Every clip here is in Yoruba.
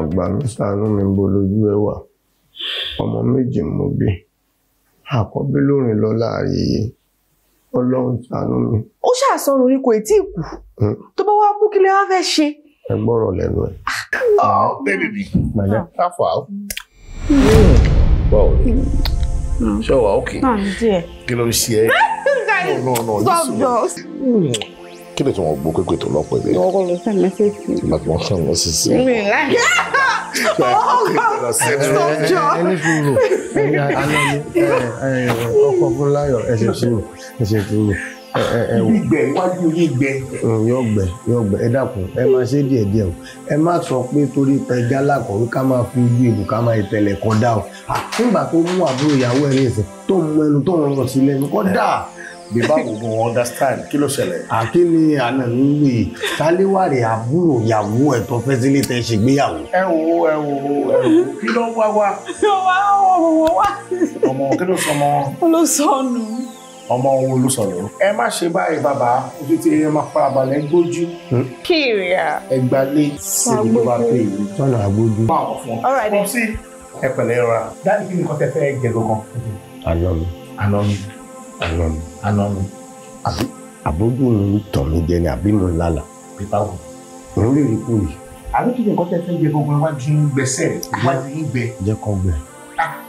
àgbàánú ṣàánú mi bo lójú ẹwà ọmọ méjì mo bí àkọ́bí lórin lọ láàyè yìí ọlọ́run ṣàánú mi. ó ṣàṣọrùn ni kò tí ì kú hm. tó bá wá kú kí lè wá fẹ́ ṣe. ẹ gbọ́rọ̀ lẹ́nu ẹ̀. ọ̀ bẹ́ẹ̀ bí màdé káfà ó. báwo ni ṣọwọ́ òkè kí ló ń ṣe ẹ́. Ah, no no no kí ni tí wọn gbọ́ pépè tó lọ́pọ̀ ìbéèrè. ọkọ ló send message. ìgbà tí wọn send message. mi láì. ẹni sùúrù ẹni alẹ́ni ọkọ fúnláyọ̀ ẹsẹ̀ sùúrù ẹsẹ̀ sùúrù. gbígbẹ wájú yìí gbẹ. yóò gbẹ yóò gbẹ ẹ dákun ẹ máa ṣe díẹ̀ díẹ̀ o ẹ má sọ pé torí pẹjá lákọ̀wé ká máa fi ojú ìbò ká máa ìtẹ̀lẹ̀ kọ́ dá o. nígbà tó mú àbúrò ìyàwó ẹ̀ ní ìsìn tó mú ẹnu tó ń sílẹ̀ ní kọ́ dáa bí báwo mo understand kí ló ṣẹlẹ̀. àkí ni àná ń wè kálíwárì àbúrò ìyàwó ẹ̀ tó fẹ́ sílé tẹ́ ṣe gbéyàwó. ẹ wo ẹ wo ẹ wo kí ló wá wá. wá wọ wá. ọmọ kí ló sọmọ. ló sọnù. ọmọ wo ló sọnù. ẹ má ṣe báyìí bàbá ojú ti ẹ máa fara balẹ̀ gbójú. Hm? kìrìà. ẹ gbalé síbi ló bá pè é. tọ́lá agbójú. máa wọ̀ fún ọ sí ẹ ra dáàbì kí ni kọ́tẹ́fẹ́ gẹ̀ẹ́gọ̀ kan. àná mi. àná mi àná ni. àná ni. àbí àbójú mi tàn lala jẹ ni àbí mo lálà. bí báwo. mo lè rí kúrì. àbí kí ni nǹkan tẹ́ fẹ́ jẹ gbogbo iwájú ń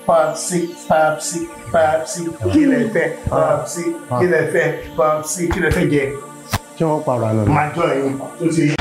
Papsi, papsi, papsi, kí lẹ fẹ́, papsi, kí lẹ fẹ́, papsi, kí lẹ fẹ́ jẹ. Kí wọ́n pààrọ̀ àná. Màá jọ ẹ̀yin ti yé.